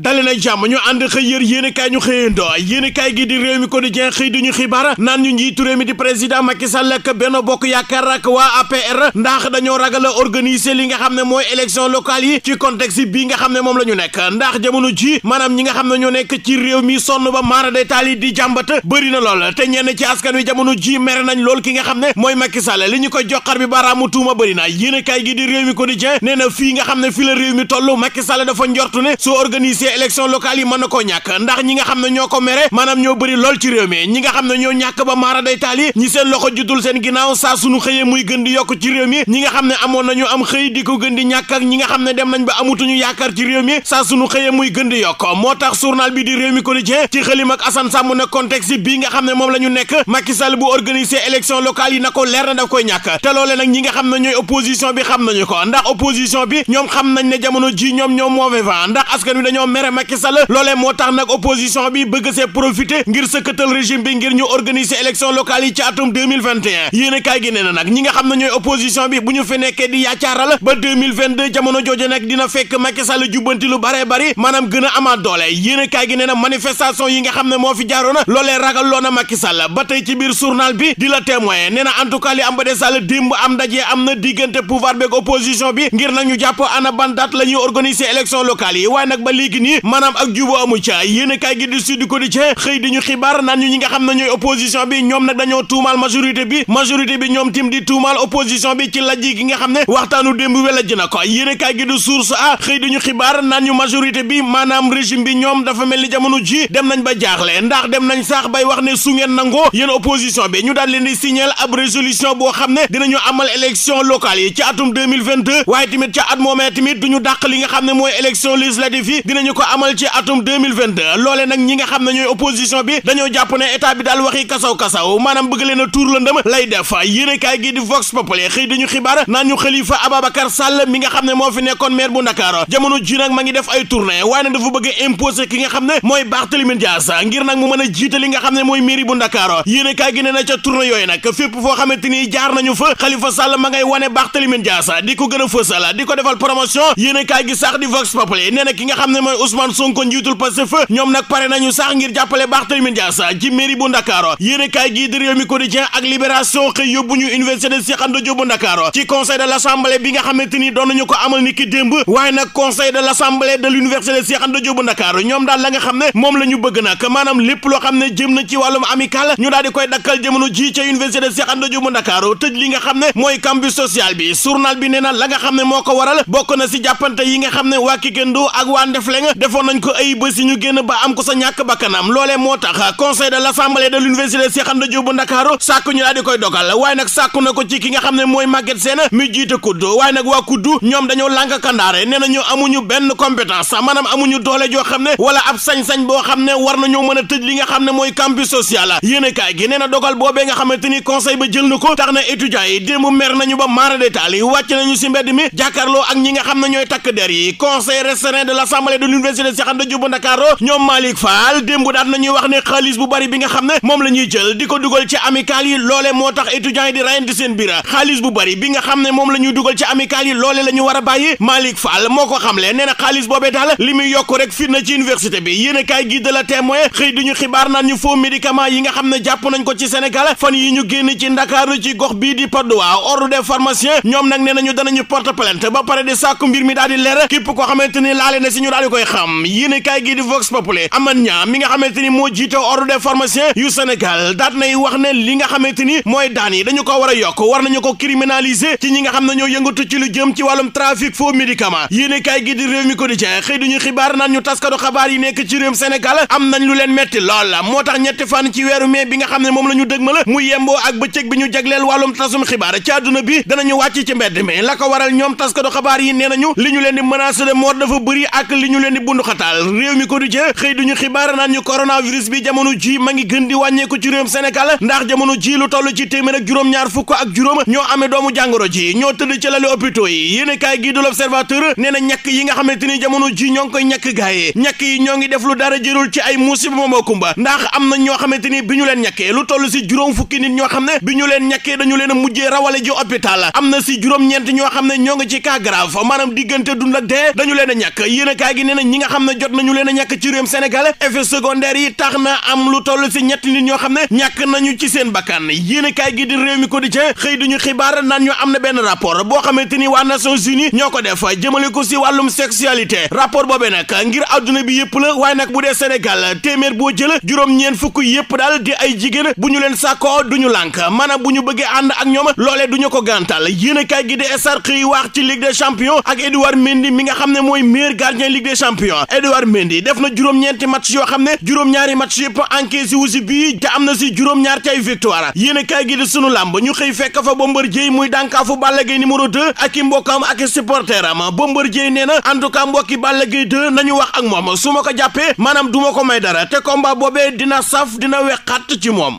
dali nag jàmm ñu ànd xëy yër yéen ñu xëyandoo yéen i kaay gi di réew mi quotidien xëy di ñu xibaar naan ñu njiitu réew mi di président Macky Sall ak benn Bokk Yaakaar ak waa APR ndax dañoo ragal a organise li nga xam ne mooy élection locale yi ci contexte bii nga xam ne moom la ñu nekk ndax jamono ji maanaam ñi nga xam ne ñoo nekk ci réew mi sonn ba maara détaal yi di jàmbat bëri na lool te ñenn ci askan wi jamono ji mere nañ lool ki nga xam ne mooy Macky Sall li ñu ko joxar bi baraamu tuuma na yéen gi di réew mi quotidien nee na fii nga xam ne fi la réew mi toll Macky Sall dafa njortu ne su organiser ci élection locale yi mën na koo ñàkk ndax ñi nga xam ne ñoo ko mere maanaam ñoo bëri lool ci réew mi ñi xam ne ñoo ñàkk ba maara day taal yi ñi seen loxo juddul ñi nga xam ne dem nañ ba amutuñu ñu nekk Macky Sall bu organiser élection locale yi na ko leer na daf koy ñàkk te loole nag nga xam ne ñooy opposition bi xam nañu ko ndax opposition bi ñoom xam nañ ne jamono ji ñoom ñoom mauvais vent ndax askan wi dañoo ma Macky Sall loolee moo tax nag opposition bi bëgg see profiter ngir sëkkatal régime bi ngir ñu organiser élection locale yi ci atum 2021 yéen a kaay gi nee na nag ñi nga xam ne ñooy opposition bi bu ñu fi nekkee di yaacaaral ba 2022 jamono jooju nag dina fekk Macky Sall jubbanti lu baree bari maanaam gën a amaat doole yéen gi nee na manifestation yi nga xam ne moo fi jaaroon loolee ragal loona Macky Sall ba tey ci biir journal bi di la témoin nee na en tout cas li am ba a Sall démb am ndaje am na bi ngir nag ñu jàpp ana ban date la ñuy organiser yi nii maanaam ak juboo amu ca yéen kaay gi di Sud Quotidien xëy di ñu xibaar naan ñu ñi nga xam ne ñooy bi ñoom nag dañoo tuumaal majorité bi majorité bi ñoom tim di tuumaal opposition bi ci lajji gi nga xam ne waxtaanu démb wela a na ko yéen kaay gi di Source A xëy di ñu xibaar naan ñu majorité bi maanaam régime bi ñoom dafa mel ni jamono ji dem nañ ba jaaxle ndax dem nañ sax bay wax ne su ngeen nangoo yéen opposition bi ñu daal leen boo xam ne dinañu amal élection locale yi ci atum 2022 waaye tamit ca at ne mooy élection législative yi ko amal ci atum 2022 loole nag ñi nga xam ne ñooy bi dañoo jàpp ne bi daal waxi kasaw-kasaw maanaam bëgg leen a tuur lëndëm lay def yéenekaay gi di Vox Populi xëy dañu xibaar naan ñu Khalifa Ababacar Sall mi nga xam ne moo fi nekkoon maire bu Ndakaaru jamono ji nag ma ngi def ay tournée waaye nag dafa bëgg a ki nga xam ne mooy Barthélémy Dias ngir nag mu mën a jiite li nga xam ne mooy mairie bu Ndakaaru yéenekaay gi ne ca tournée yooyu nag Ousmane Sonko njiitul Pastef ñoom nag pare nañu sax ngir jàppale Barthélémy Dias ci mairie bu Ndakaaru yéenekaay gii di Rewmi ak Libération xëy yóbbu ñu université de Cheikh Anta bu Ndakaaru ci conseil de l'assemblée bi nga xamante ni bu Ndakaaru ñoom daal la nga xam ne moom la bëgg nag maanaam lépp loo xam ne jëm na ci wàllum amical ñu daal di koy dakkal jamono ji ca université de Cheikh Anta bu Ndakaaru tëj li nga xam ne mooy campus defoon nañ ko ay bés yi ñu génn ba am ko sa ñàkk bakkanam loole moo tax conseil de l'assemblée de l'université Cheikh Anta Diop bu Ndakaaru sàkk ñu daal di koy dogal waaye nag sàkk na ko ci ki nga xam ne mooy Maguette Sène mi jiite kudd waaye nag waa kudd ñoom dañoo lànk kandaare nee na ñu amuñu benn compétence maanaam amuñu doole joo xam ne wala ab sañ-sañ boo xam ne war na nañoo mën a tëj li nga xam ne mooy campus social yéen a kaay gi nee na dogal boobee nga xamante ni conseil ba jël na ko tax na étudiants yi démb mer nañu ba maara détail yi wàcc nañu si mbedd mi jàkkaarloo ak ñi nga xam ne ñooy takk der yi conseil restreint de l'assemblée de université Cheikh Anta Diop xaalis a bàyyi Malick Fall moo ko boobee daal li muy yokk rek fitna ci université bi yéen a kaay gi de xëy di ñu xibaar naan ñu faux médicament yi nga xam ne jàpp nañ ko ci Sénégal fan yi ñu génn ci Ndakaaru ci gox bii di Patte d'Oie ordre des ñoom nag nee nañu danañu porte plainte ba pare di sàkku mbir mi daal di leer képp xamante ni laale na si ñu daal di koy koy xam yéen kaay gi di Vox yi dañu ko war a ko criminaliser ci ñi di réew xibaar naan ñu taskatu xabaar yi nekk ci réewum Sénégal am nañ lu leen metti lool moo tax ñetti fan ci weeru mai bi nga xam ne moom la ñu dëgmal mu yemboo ak bëccëg bi ñu jagleel wàllum tasum xibaar ci àdduna bi danañu wàcc ci mbedd mi la ko waral ñoom taskatu xabaar yi nee li ñu leen di menace de mort dafa bëri ak li ñu leen leen di bunduxataal réew mi ko du jë xëy duñu xibaar naan ñu coronavirus bi jamono ji ma ngi gën di wàññeeku ci réewum Sénégal ndax jamono ji lu toll ci téeméer ak juróom-ñaar fukk ak juróom ñoo amee doomu jàngoro ji ñoo tëdd ci lali hôpitaux yi yéen a kaay gii du l'Observateur nee na ñàkk yi nga xamante ni jamono ji ñoo ngi koy ñàkk gaaye ñàkk yi ñoo ngi def lu dara jërul ci ay musiba moomoo kumba ndax am na ñoo xamante ni bi ñu leen ñàkkee lu toll si juróom fukki nit ñoo xam ne bi ñu leen ñàkkee dañu leen mujjee rawale ji hôpital am na si juróom-ñeent ñoo xam ne ñoo ngi ci cas grave maanaam diggante dund ak dee dañu leen ñàkk yéen a kaay gi na ñi nga xam ne jot nañu leen a ñàkk ci réewum Sénégal effet secondaire yi tax na am lu toll si ñetti nit ñoo xam ne ñàkk nañu ci seen bakkan yéen kaay gi di réew mi quotidien xëy ñu xibaar naan ñu am na benn rapport boo xamante ni waa Nations Unies ñoo ko def jëmale ko si wàllum sexualité rapport boobee nag ngir adduna bi yëpp la waaye nag bu dee Sénégal téeméer boo jël juróom-ñeent fukk yëpp daal di ay jigéen bu ñu leen sàkkoo duñu lànk maanaam bu ñu bëggee ànd ak ñoom loolee duñu ko gàntal yéen a kaay gi di SR xëy wax ci ak Edouard Mendy mi nga xam ne mooy meilleur gardien Ligue des champion Edouard Mendy def na juróom-ñeenti mat yoo xam ne juróom-ñaari mat yëpp encaissé wu si bii te am na si juróom-ñaar ci ay victoire yéen a gi di sunu làmb ñu xëy fekk fa Bombardier muy dànkaafu Balla Gaye numéro 2 ak i mbokkam ak i supporter am Bombardier nee na en tout cas mbokki Balla Gaye 2 nañu wax ak moom su ma ko jàppee maanaam duma ko may dara te combat boobee dina saf dina weqat ci moom